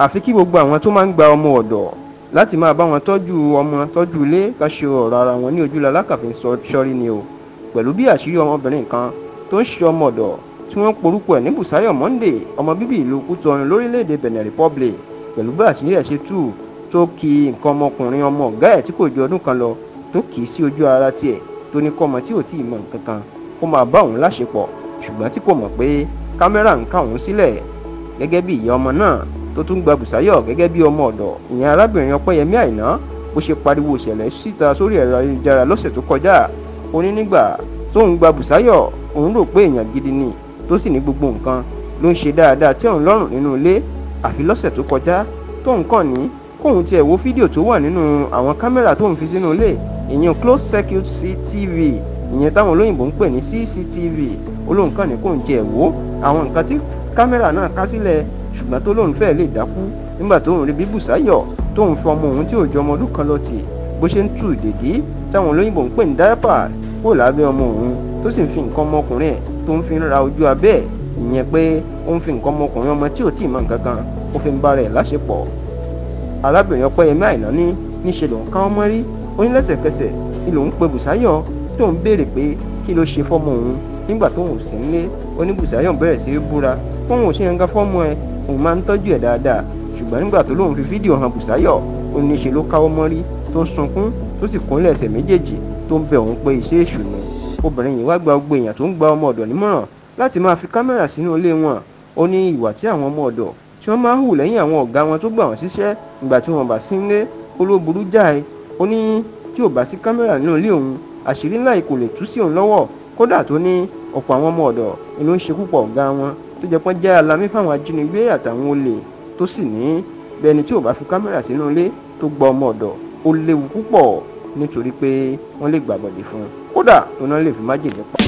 àfi kí gbogbo àwọn tó máa ń gba ọmọ ọ̀dọ̀ láti máa bá wọn tọ́jú ọmọ tọ́jú ilé ká ṣe ọ̀rọ̀ ara wọn ní ojú lalákàfin sọrí ni o pẹ̀lú bí àṣírí ọmọbìnrin kan tó ń ṣe ọmọ ọ̀dọ̀ tí wọ́n porúkọ ẹ̀ ní Bùsáyọ̀ Monday ọmọ bíbí ìlú Kútọ̀nù lórílẹ̀‐èdè Benin Republic pẹ̀lú bí àṣírí ẹ̀ ṣe tú tó ki nǹkan ọmọkùnrin ọmọ ọ̀gá ẹ̀ tí kò ju ọdún kan lọ tó kì í sí ojú ara tiẹ̀ tó ní kọ́mọ tí ò tí ì mọ nǹkan kan kó máa bá òun láṣepọ̀ ṣùgbọ́n tí kò mọ̀ pé kámẹ́rà ń ká òun sílẹ̀ gẹ́gẹ́ bí ìyá ọmọ náà tó tún gba Bùsáyọ̀ gẹ́gẹ́ bí ọmọ ọ̀dọ̀ ìyẹn arábìnrin Ọpẹ́yẹmí Àìná bó ṣe pariwo ìṣẹ̀lẹ̀ síta sórí ẹ̀rọ ayélujára lọ́sẹ̀ tó kọjá ó ní nígbà tóun gba Bùsáyọ̀ òun rò pé èèyàn gidi ni tó sì ní gbogbo nǹkan ló ń ṣe dáadáa tí òun lọ́rùn nínú ilé àfi lọ́sẹ̀ tó kọjá tóun kàn ní kóun tiẹ̀ wo fídíò tó wà nínú àwọn kámẹ́rà tóun fi sínú ilé ìyẹn closed circuit CTV. ìyẹn táwọn olóyìnbó ń pè ní CCTV olóhùn kàn ní kóun tiẹ̀ wo àwọn nǹkan tí kámẹ́rà náà ká sílẹ̀ ṣùgbọ́n tó lóun fẹ́ẹ́ lè dákú nígbà tóun rí bí Bùsáyọ̀ tóun fi ọmọ òun tí ò ọmọ ọdún kan lọ tì bó ṣe ń tú ìdèdí táwọn olóyìnbó ń pè ní diapers kó lábẹ́ ọmọ òun tó sì ń fi nǹkan ọmọkùnrin ẹ̀ tó ń fi ra ojú abẹ́ ẹ̀ ìyẹn pé ó ń fi nǹkan ọmọkùnrin ọmọ tí ò tí ì mọ nǹkan ó fi ń bá rẹ̀ láṣepọ̀ arábìnrin Ọpẹ́yẹmí Àìná nígbà tóun sì ń lé oníbùsáyọ̀ bẹ̀rẹ̀ sí í búra fóun ò ṣe nǹkan fọ́mọ ẹ òun máa ń tọ́jú ẹ̀ dáadáa ṣùgbọ́n nígbà tó lóun fi fídíò hàn Bùsáyọ̀ ó ní ṣe ló káwọ́ mọ́rí tó ń sunkún tó sì kúnlẹ̀ ẹsẹ̀ méjèèjì tó ń bẹ òun pé iṣẹ́ èṣù ni obìnrin yìí wá gba gbogbo èèyàn tó ń gba ọmọ ọ̀dọ̀ nímọ̀ràn láti máa fi kámẹ́rà sínú ilé wọn ó ní ìwà tí àwọn ọmọ ọ̀dọ̀ tí wọ́n máa ń hù lẹ́yìn àwọn ọ̀gá wọn tó gbà wọ́n síṣẹ́ ìgbà tí wọ́n bá sí ń lé olóburú jáì ó ní tí ò bá sí kámẹ́rà nínú ilé òun àṣírí ńlá yìí tú sí òun lọ́wọ́ kódà tó ní ọ̀pọ̀ àwọn ọmọ ọ̀dọ̀ ló ń ṣekú pa ọ̀gá wọn tó jẹ́ pọ́n jẹ́ alamí fáwọn ajínigbé àtàwọn olè tó sì ní bẹ́ẹ̀ni tí ò bá fi kámẹ́rà sínú ilé tó gba ọmọ ọ̀dọ̀ ó léwu púpọ̀ nítorí pé wọ́n lè gbàgbọ́dé fún un kódà òun náà lè fi májèlé pa.